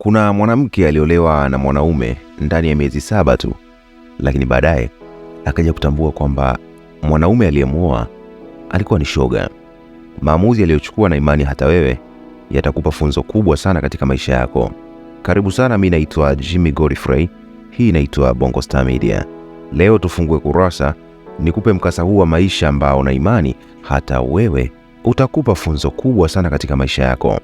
Kuna mwanamke aliolewa na mwanaume ndani ya miezi saba tu, lakini baadaye akaja kutambua kwamba mwanaume aliyemwoa alikuwa ni shoga. Maamuzi aliyochukua na imani hata wewe yatakupa funzo kubwa sana katika maisha yako. Karibu sana, mi naitwa Jimmy Godfrey, hii inaitwa Bongo Star Media. Leo tufungue kurasa, nikupe mkasa huu wa maisha ambao na imani hata wewe utakupa funzo kubwa sana katika maisha yako.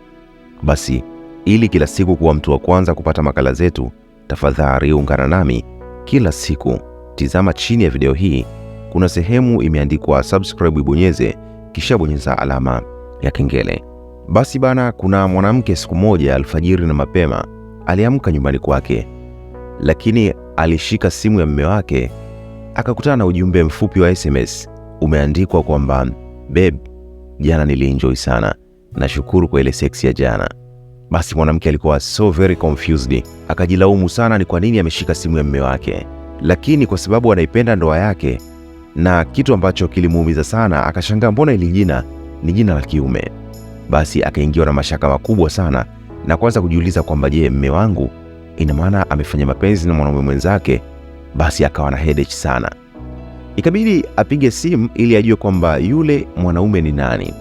Basi ili kila siku kuwa mtu wa kwanza kupata makala zetu, tafadhali ungana nami kila siku. Tizama chini ya video hii, kuna sehemu imeandikwa subscribe, ibonyeze, kisha bonyeza alama ya kengele. Basi bana, kuna mwanamke siku moja alfajiri na mapema aliamka nyumbani kwake, lakini alishika simu ya mume wake akakutana na ujumbe mfupi wa SMS umeandikwa kwamba babe, jana nilienjoy sana, nashukuru kwa ile seksi ya jana. Basi mwanamke alikuwa so very confused, akajilaumu sana ni kwa nini ameshika simu ya mume wake, lakini kwa sababu anaipenda ndoa yake na kitu ambacho kilimuumiza sana, akashangaa mbona ili jina ni jina la kiume. Basi akaingiwa na mashaka makubwa sana na kuanza kujiuliza kwamba je, mume wangu ina maana amefanya mapenzi na mwanaume mwenzake? Basi akawa na headache sana, ikabidi apige simu ili ajue kwamba yule mwanaume ni nani,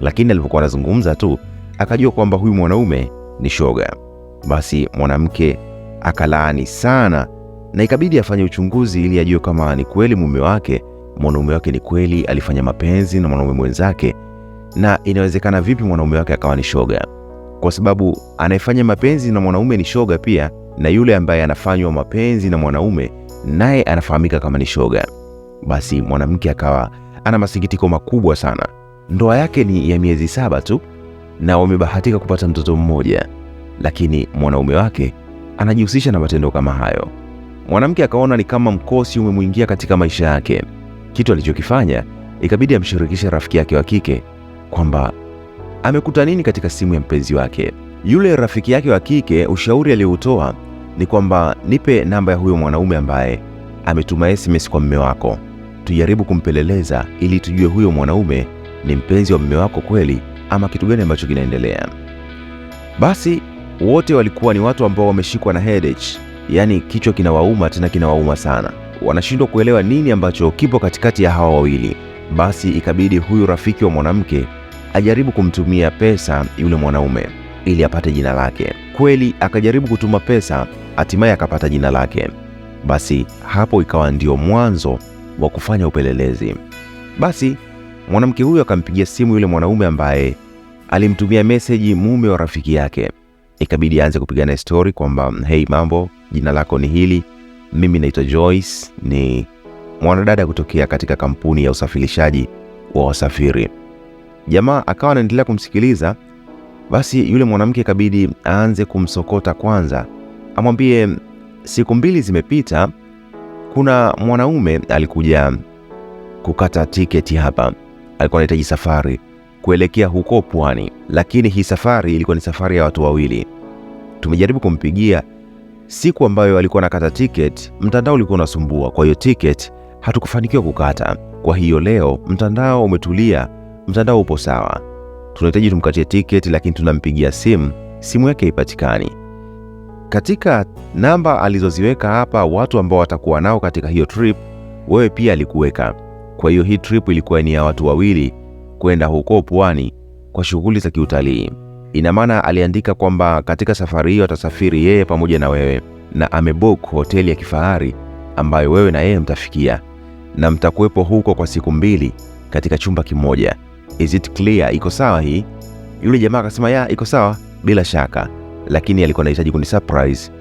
lakini alipokuwa anazungumza tu akajua kwamba huyu mwanaume ni shoga. Basi mwanamke akalaani sana, na ikabidi afanye uchunguzi ili ajue kama ni kweli mume wake mwanaume wake ni kweli alifanya mapenzi na mwanaume mwenzake, na inawezekana vipi mwanaume wake akawa ni shoga, kwa sababu anayefanya mapenzi na mwanaume ni shoga pia, na yule ambaye anafanywa mapenzi na mwanaume naye anafahamika kama ni shoga. Basi mwanamke akawa ana masikitiko makubwa sana. Ndoa yake ni ya miezi saba tu, na wamebahatika kupata mtoto mmoja, lakini mwanaume wake anajihusisha na matendo kama hayo. Mwanamke akaona ni kama mkosi umemwingia katika maisha yake. Kitu alichokifanya ikabidi amshirikishe rafiki yake wa kike kwamba amekuta nini katika simu ya mpenzi wake. Yule rafiki yake wa kike ushauri aliyoutoa ni kwamba nipe namba ya huyo mwanaume ambaye ametuma SMS kwa mme wako, tujaribu kumpeleleza ili tujue huyo mwanaume ni mpenzi wa mme wako kweli ama kitu gani ambacho kinaendelea? Basi wote walikuwa ni watu ambao wameshikwa na headache, yaani kichwa kinawauma, tena kinawauma sana, wanashindwa kuelewa nini ambacho kipo katikati ya hawa wawili. Basi ikabidi huyu rafiki wa mwanamke ajaribu kumtumia pesa yule mwanaume ili apate jina lake. Kweli akajaribu kutuma pesa, hatimaye akapata jina lake. Basi hapo ikawa ndio mwanzo wa kufanya upelelezi. Basi Mwanamke huyo akampigia simu yule mwanaume ambaye alimtumia meseji mume wa rafiki yake. Ikabidi aanze kupigana stori kwamba hei, mambo, jina lako ni hili, mimi naitwa Joyce, ni mwanadada kutokea katika kampuni ya usafirishaji wa wasafiri. Jamaa akawa anaendelea kumsikiliza. Basi yule mwanamke ikabidi aanze kumsokota kwanza, amwambie siku mbili zimepita, kuna mwanaume alikuja kukata tiketi hapa alikuwa anahitaji safari kuelekea huko pwani, lakini hii safari ilikuwa ni safari ya watu wawili. Tumejaribu kumpigia siku ambayo alikuwa anakata tiketi, mtandao ulikuwa unasumbua, kwa hiyo tiketi hatukufanikiwa kukata. Kwa hiyo leo mtandao umetulia, mtandao upo sawa, tunahitaji tumkatie tiketi, lakini tunampigia simu, simu yake haipatikani. Katika namba alizoziweka hapa, watu ambao watakuwa nao katika hiyo trip, wewe pia alikuweka kwa hiyo hii trip ilikuwa ni ya watu wawili kwenda huko pwani kwa shughuli za kiutalii. Ina maana aliandika kwamba katika safari hiyo atasafiri yeye pamoja na wewe, na amebook hoteli ya kifahari ambayo wewe na yeye mtafikia na mtakuwepo huko kwa siku mbili katika chumba kimoja. Is it clear? Iko sawa hii? Yule jamaa akasema ya, iko sawa bila shaka, lakini alikuwa anahitaji kuni surprise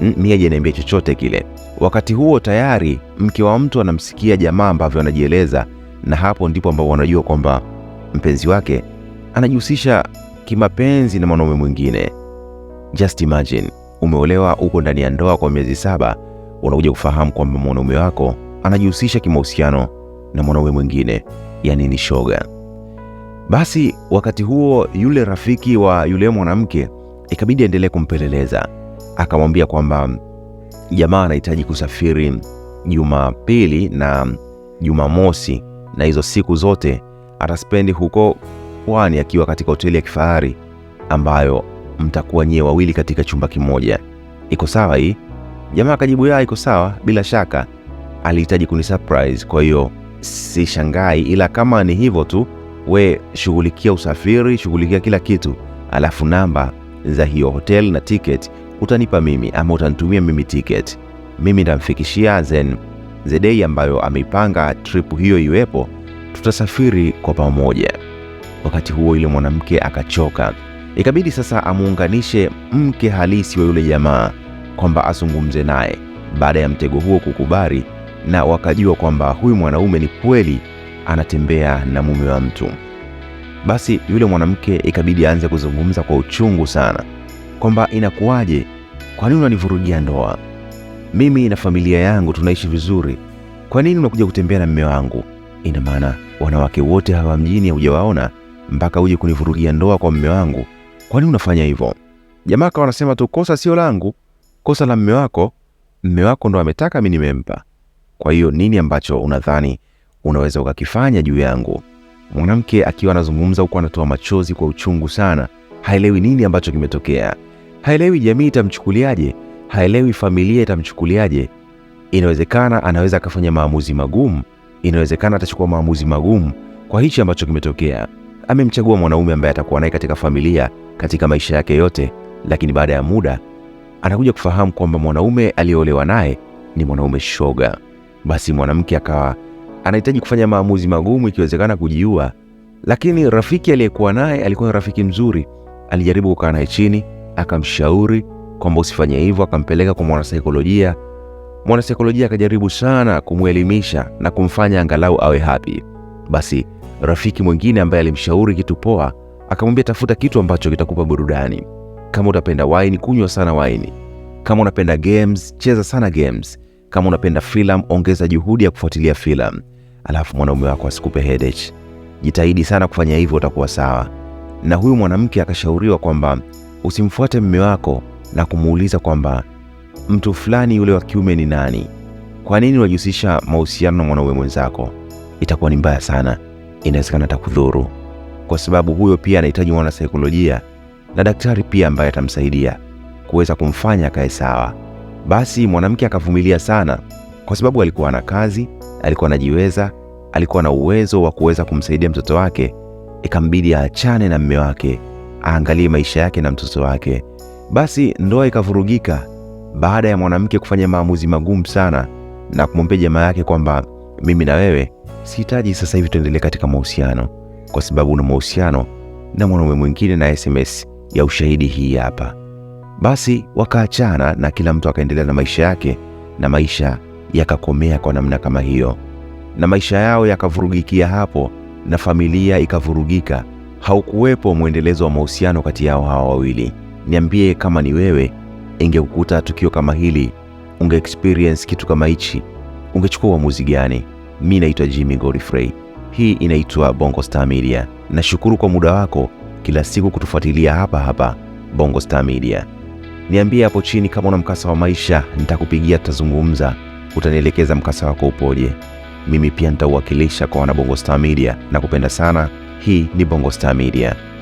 mimi hajaniambia chochote kile. Wakati huo tayari mke wa mtu anamsikia jamaa ambavyo anajieleza, na hapo ndipo ambapo wanajua kwamba mpenzi wake anajihusisha kimapenzi na mwanaume mwingine. Just imagine, umeolewa, uko ndani ya ndoa kwa miezi saba, unakuja kufahamu kwamba mwanaume wako anajihusisha kimahusiano na mwanaume mwingine, yaani ni shoga. Basi wakati huo yule rafiki wa yule mwanamke ikabidi aendelee kumpeleleza akamwambia kwamba jamaa anahitaji kusafiri Jumapili na Jumamosi, na hizo siku zote ataspendi huko pwani, akiwa katika hoteli ya kifahari ambayo mtakuwa nyie wawili katika chumba kimoja. Iko sawa hii? Jamaa akajibu ya iko sawa. Bila shaka alihitaji kuni surprise, kwa hiyo si shangai, ila kama ni hivyo tu, we shughulikia usafiri, shughulikia kila kitu, alafu namba za hiyo hotel na ticket utanipa mimi ama utanitumia mimi tiketi, mimi ndamfikishia then zedei ambayo ameipanga trip hiyo iwepo, tutasafiri kwa pamoja. Wakati huo yule mwanamke akachoka, ikabidi sasa amuunganishe mke halisi wa yule jamaa kwamba azungumze naye. Baada ya mtego huo kukubali, na wakajua kwamba huyu mwanaume ni kweli anatembea na mume wa mtu, basi yule mwanamke ikabidi aanze kuzungumza kwa uchungu sana kwamba inakuwaje, kwa nini unanivurugia ndoa? Mimi na familia yangu tunaishi vizuri, kwa nini unakuja kutembea na mme wangu? Ina maana wanawake wote hawa mjini haujawaona mpaka uje kunivurugia ndoa kwa mme wangu? Kwa nini unafanya hivyo? Jamaa kawa wanasema tu, kosa sio langu, kosa la mme wako. Mme wako ndo ametaka, mi nimempa. Kwa hiyo nini ambacho unadhani unaweza ukakifanya juu yangu? Mwanamke akiwa anazungumza huku anatoa machozi kwa uchungu sana, haelewi nini ambacho kimetokea haelewi jamii itamchukuliaje, haelewi familia itamchukuliaje. Inawezekana anaweza akafanya maamuzi magumu, inawezekana atachukua maamuzi magumu kwa hichi ambacho kimetokea. Amemchagua mwanaume ambaye atakuwa naye katika familia, katika maisha yake yote, lakini baada ya muda anakuja kufahamu kwamba mwanaume aliyeolewa naye ni mwanaume shoga. Basi mwanamke akawa anahitaji kufanya maamuzi magumu, ikiwezekana kujiua. Lakini rafiki aliyekuwa naye alikuwa rafiki mzuri, alijaribu kukaa naye chini akamshauri kwamba usifanye hivyo, akampeleka kwa mwanasaikolojia. Mwanasaikolojia akajaribu sana kumwelimisha na kumfanya angalau awe happy. Basi rafiki mwingine ambaye alimshauri kitu poa akamwambia, tafuta kitu ambacho kitakupa burudani. Kama utapenda waini, kunywa sana waini. Kama unapenda games, cheza sana games. Kama unapenda filamu, ongeza juhudi ya kufuatilia filamu, alafu mwanaume wako asikupe headache. Jitahidi sana kufanya hivyo, utakuwa sawa. Na huyu mwanamke akashauriwa kwamba Usimfuate mme wako na kumuuliza kwamba mtu fulani yule wa kiume ni nani. Kwa nini unajihusisha mahusiano na mwanaume mwenzako? Itakuwa ni mbaya sana, inawezekana atakudhuru, kwa sababu huyo pia anahitaji mwanasaikolojia na daktari pia ambaye atamsaidia kuweza kumfanya akae sawa. Basi mwanamke akavumilia sana, kwa sababu alikuwa na kazi, alikuwa anajiweza, alikuwa na uwezo wa kuweza kumsaidia mtoto wake, ikambidi aachane na mme wake aangalie maisha yake na mtoto wake. Basi ndoa ikavurugika baada ya mwanamke kufanya maamuzi magumu sana na kumwambia jamaa yake kwamba mimi na wewe sihitaji sasa hivi tuendelee katika mahusiano, kwa sababu una mahusiano na mwanaume mwingine, na SMS ya ushahidi hii hapa. Basi wakaachana na kila mtu akaendelea na maisha yake, na maisha yakakomea kwa namna kama hiyo, na maisha yao yakavurugikia hapo, na familia ikavurugika haukuwepo mwendelezo wa mahusiano kati yao hawa wawili. Niambie kama ni wewe, ingekukuta tukio kama hili, unge experience kitu kama hichi, ungechukua uamuzi gani? Mi naitwa Jimmy Godfrey, hii inaitwa Bongo Star Media. Nashukuru kwa muda wako kila siku kutufuatilia hapa hapa Bongo Star Media. Niambie hapo chini kama una mkasa wa maisha, nitakupigia, tutazungumza, utanielekeza mkasa wako upoje. Mimi pia nitauwakilisha kwa wana Bongo Star Media na kupenda sana hii ni Bongo Star Media.